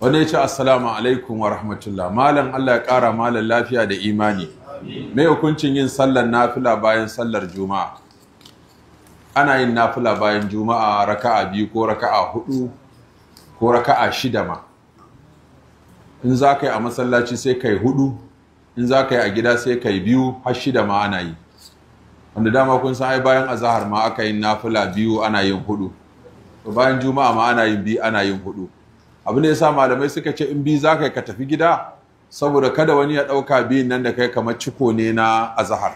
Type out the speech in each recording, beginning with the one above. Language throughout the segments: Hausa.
wani ya ce assalamu alaikum wa rahmatullah malam Allah ya kara malam lafiya da imani mai hukuncin yin sallar nafila bayan sallar juma'a ana yin nafila bayan juma'a raka'a biyu ko raka'a hudu ko raka'a shida ma in za ka yi a masallaci sai kai hudu in za ka yi a gida sai ka biyu har shida ma ana yi wanda dama kun san ai bayan azahar ma aka yin nafila biyu ana yin hudu bayan juma'a ma ana yin biyu ana yin hudu abu ne yasa malamai suka ce in bi za ka ka tafi gida saboda kada wani ya ɗauka biyun nan da kai kamar ciko ne na azahar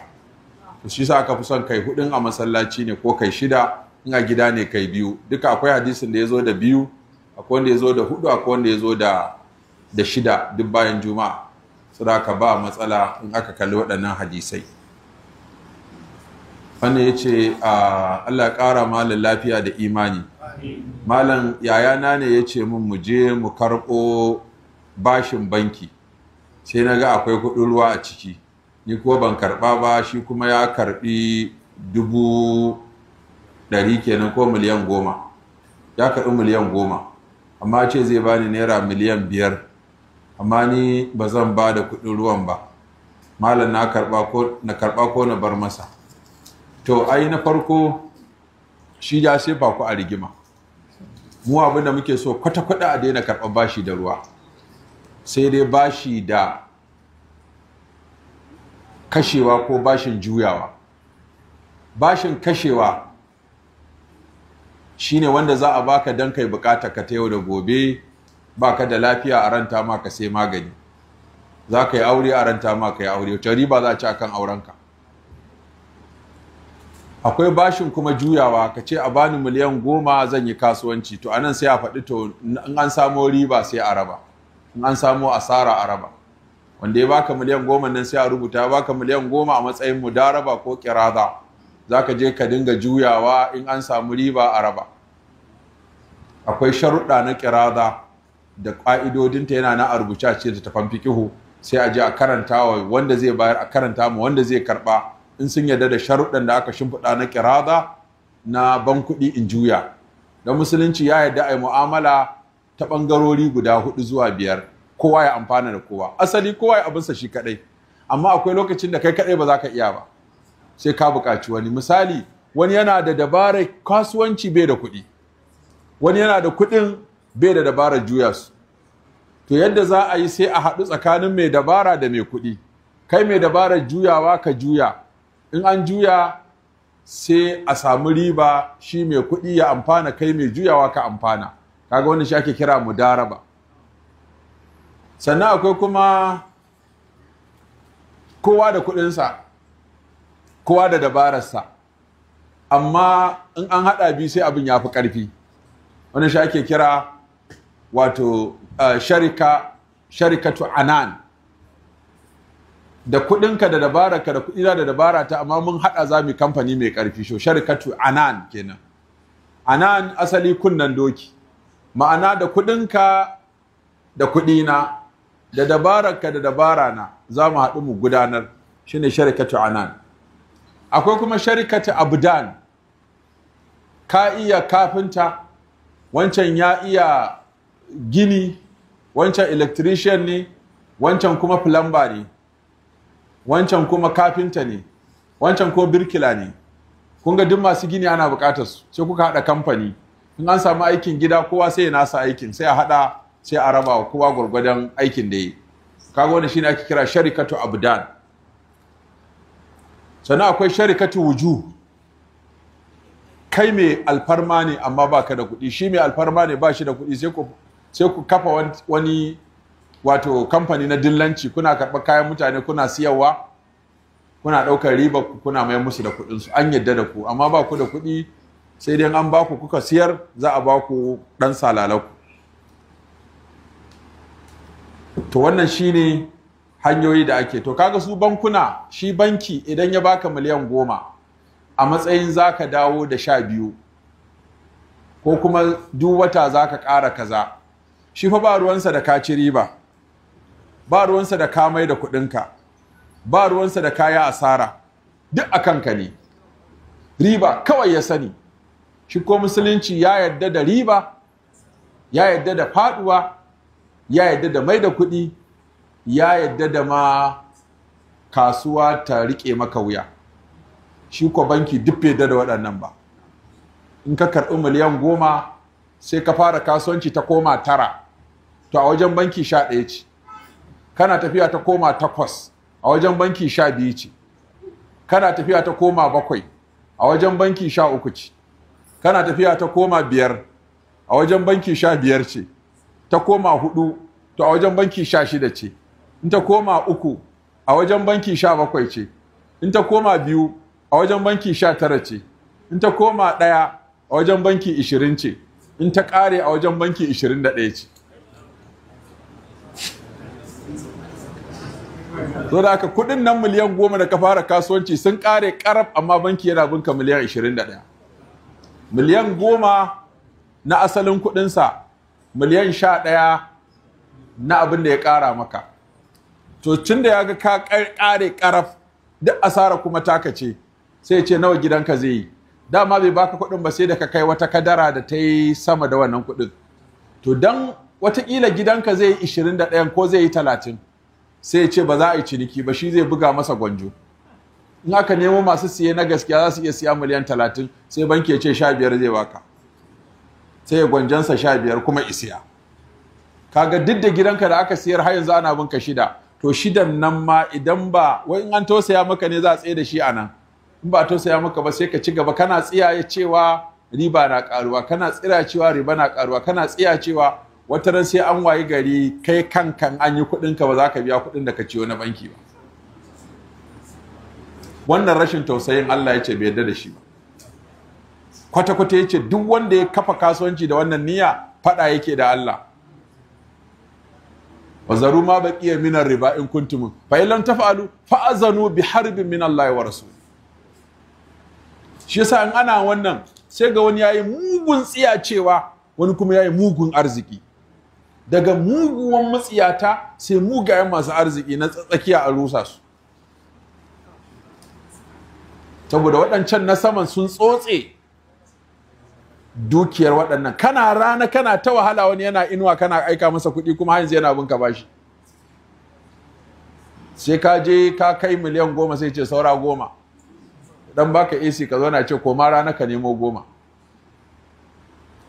to shi sa aka fi son kai hudun a masallaci ne ko kai shida in a gida ne kai biyu duka akwai hadisin da ya zo da biyu akwai wanda ya zo da hudu akwai wanda ya zo da da shida duk bayan juma'a saboda ka ba matsala in aka kalli waɗannan hadisai wannan ya ce ah, Allah ƙara malin lafiya da imani malam yayana ne ya ce min mu je mu karɓo bashin banki sai na ga akwai kuɗin ruwa a ciki ni kuwa ban karɓa ba shi kuma ya karɓi dubu ɗari kenan ko miliyan goma ya karɓi miliyan goma amma ce zai bani naira miliyan biyar amma ni ba zan ba da kuɗin ruwan ba malam na karɓa ko na bar masa to ai na farko shi ya sefa ku a rigima mu abin da muke so kwata-kwata a daina karɓar bashi da ruwa sai dai bashi da kashewa ko bashin juyawa bashin kashewa shine wanda za a baka don kai bukata ka ta yau da gobe baka da lafiya a ranta ma ka sai magani za ka yi aure a ranta ma ka yi aure wata riba za a ci akan aurenka akwai bashin kuma juyawa ka ce a bani miliyan goma zan yi kasuwanci to anan sai a faɗi to in an samo riba sai a raba in an samo asara a raba wanda ya baka miliyan goma nan sai a rubuta baka miliyan goma a matsayin mudaraba ko kiraza za ka je ka dinga juyawa in an samu riba a raba akwai sharuɗa na kiraza da ƙa'idodinta yana na a rubuce a ce da tafan sai a je a karanta wa wanda zai bayar a karanta ma wanda zai karɓa in sun yarda da sharuɗan da aka shimfiɗa na kirada na bankuɗi in juya da musulunci ya yarda a yi mu'amala ta ɓangarori guda hudu zuwa biyar kowa ya amfana da kowa asali kowa ya abinsa shi kaɗai amma akwai lokacin da kai kaɗai ba za ka iya ba sai ka buƙaci wani misali wani yana da dabarar kasuwanci bai da kuɗi wani yana da kuɗin bai da dabarar juya su to yadda za a yi sai a haɗu tsakanin mai dabara da mai kuɗi kai mai dabarar juyawa ka juya in an juya sai a samu riba shi mai kuɗi ya amfana kai mai juyawa ka amfana kaga wani shi ake kira mudaraba sannan akwai kuma kowa da kuɗinsa kowa da dabararsa amma in an haɗa biyu sai abin ya fi ƙarfi wani shi ake kira wato uh, sharika sharikatu anan da kuɗinka da dabararka da kuɗina da dabara ta amma mun haɗa za mu kamfani mai ƙarfi sho sharikatu anan kenan anan asali kunnan doki ma'ana da kuɗinka da kuɗina da dabararka da dabarana za mu haɗu mu gudanar shine sharikatu anan akwai kuma sharikatu abdan ka iya kafinta wancan ya iya gini wancan electrician ne wancan kuma plumber ne wancan kuma kafinta ne wancan ko birkila ne kun ga duk masu gini ana buƙatar su sai kuka haɗa kamfani in an samu aikin gida kowa sai ya nasa aikin sai a haɗa sai a raba wa kowa gwargwadon aikin da yi kaga wani shine ake kira sharikatu abdan sannan akwai sharikatu wuju kai mai alfarma ne amma ba ka da kuɗi shi mai alfarma ne ba shi da kuɗi sai ku kafa wani wato kamfani na dillanci kuna karɓar kayan mutane kuna siyarwa kuna ɗaukar riba kuna mai musu da kuɗin su an yadda da ku amma ba ku da kuɗi sai dai an ba ku kuka siyar za a ba ku ɗan salalaku to wannan shine hanyoyi da ake to kaga su bankuna shi banki idan ya baka miliyan goma a matsayin za ka dawo da sha biyu ko kuma duk wata ka ƙara kaza shi fa ba ruwansa da ka ci riba ba ruwansa da ka mai da kuɗinka ba ruwansa da kaya asara duk a kanka ne riba kawai ya sani shi ko musulunci ya yarda da riba ya yarda da faduwa ya yarda da mai da kuɗi ya yarda da ma kasuwa ta riƙe maka wuya shi ko banki duk bai da waɗannan ba in ka karɓi miliyan goma sai ka fara kasuwanci ta koma tara to a wajen banki sha ɗaya ce kana tafiya ta koma takwas a wajen banki sha biyu ce kana tafiya ta koma bakwai a wajen banki sha uku ce kana tafiya ta koma biyar a wajen banki sha biyar ce ta koma hudu to a wajen banki sha shida ce in ta koma uku a wajen banki sha bakwai ce in ta koma biyu a wajen banki sha tara ce in ta koma ɗaya a wajen banki ishirin ce in ta ƙare a wajen banki ishirin da ɗaya ce so da haka kuɗin nan miliyan goma da ka fara kasuwanci sun kare karab amma banki yana binka miliyan ishirin miliyan goma na asalin sa miliyan sha ɗaya na abin da ya kara maka to tun da ya ga ka kare ƙaraf duk asara kuma taka ce sai ce nawa gidanka zai yi dama bai baka kudin ba sai da ka kai wata kadara da ta yi sama da wannan kudin to dan watakila gidanka zai yi 21 ko zai yi 30 sai ya ce ba za a yi ciniki ba shi zai buga masa gwanjo in aka nemo masu siye na gaskiya za su iya siya miliyan talatin sai banki ya ce sha biyar zai baka sai ya gwanjansa sha biyar kuma isiya kaga duk da gidanka da aka siyar har yanzu ana binka shida to shidan nan ma idan ba wai in an tausaya maka ne za a tsaye da shi a nan in ba tausaya maka ba sai ka ci gaba kana tsiyaye cewa riba na karuwa kana tsira cewa riba na karuwa kana tsiya cewa wata ran sai an wayi gari kai kankan an yi kuɗinka ba za ka biya kuɗin da ka ciyo na banki ba wannan rashin tausayin Allah ya ce bai yarda da shi ba kwata-kwata ya ce duk wanda ya kafa kasuwanci da wannan niyya faɗa yake da Allah wa zaru ma baqiya min riba in kuntum fa in lam taf'alu fa azanu bi harbin min Allah wa rasul shi yasa in ana wannan sai ga wani yayi mugun tsiya cewa wani kuma yayi mugun arziki daga muguwan matsiyata sai mugayen masu arziki na tsakiya a rusa su saboda waɗancan na saman sun tsotse dukiyar waɗannan kana rana kana ta wahala wani yana inuwa kana aika masa kuɗi kuma hanzu yana binka bashi sai ka je ka kai miliyan goma sai ce saura goma dan baka AC ka zo na ce koma rana ka nemo goma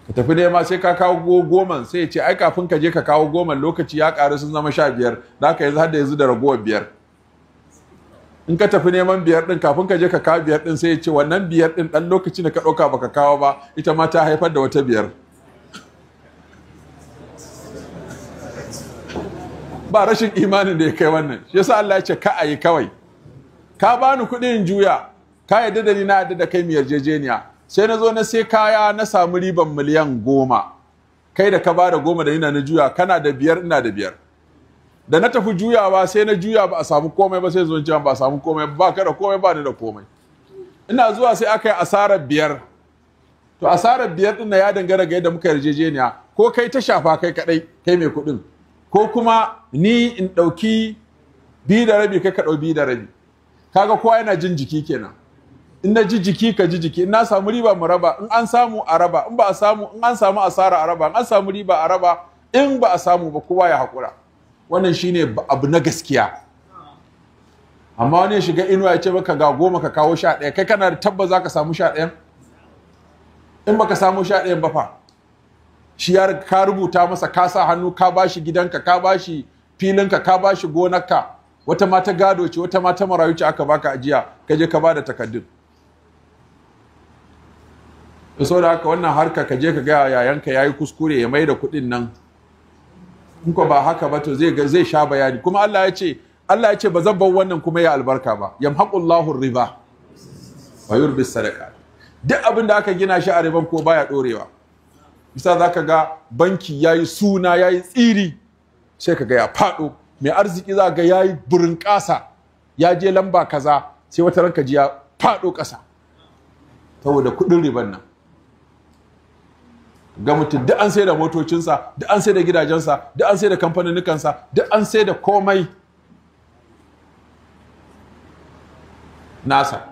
ka tafi nema sai ka kawo goman sai ce ai kafin ka je ka kawo goman lokaci ya ƙaru sun zama sha biyar da ka yanzu har da yanzu da ragowar biyar in ka tafi neman biyar din kafin ka je ka kawo biyar din sai ya ce wannan biyar din dan lokaci da ka ɗauka baka kawo ba ita ma ta haifar da wata biyar ba rashin imanin da ya kai wannan shi yasa Allah ya ce ka ayi kawai ka bani kuɗin juya ka yadda da ni na yadda da kai mu yarjejeniya sai na zo na sai kaya na samu riban miliyan goma kai da ka ba da goma da ina na juya kana da biyar ina da biyar da na tafi juyawa sai na juya ba a samu komai ba sai zo cewa ba a samu komai ba ka da komai ba ni da komai ina zuwa sai aka yi asarar biyar to asarar biyar din ya dangara ga yadda muka yarjejeniya ko kai ta shafa kai kadai kai mai kuɗin ko kuma ni in ɗauki bi da rabi kai ka ɗau bi da rabi kaga kowa yana jin jiki kenan in na ji jiki ka ji jiki in na samu riba mu raba in an samu a raba in ba a samu in an samu asara a raba in an samu riba a raba in ba a samu ba kowa ya haƙura wannan shine abu na gaskiya amma wani ya shiga inuwa ya ce maka ga goma ka kawo sha ɗaya kai kana da tabba za ka samu sha ɗayan in baka samu sha ɗayan ba fa shi ya ka rubuta masa ka sa hannu ka bashi gidanka ka bashi filinka ka bashi gonarka wata mata gado ce wata mata marayu ce aka baka ajiya ka je ka ba da takaddun da haka wannan harka ka je ka gaya yayanka yayi kuskure ya mai da kuɗin nan in ba haka ba to zai sha bayani kuma Allah ya ce Allah ya ce ba zan bar wannan kuma ya albarka ba yamhaqullahu riba wa yurbi sadaka duk abin da aka gina shi a riban ko baya dorewa bisa zaka ga banki yayi suna yayi tsiri sai ka ga ya mai arziki za ga yayi burin kasa ya je lamba kaza sai wata ranka ji ya fado kasa saboda kuɗin riban nan ga mutum duk an sai da motocinsa duk an sai da gidajensa duk an sai da kamfaninnikansa duk an sai da komai nasa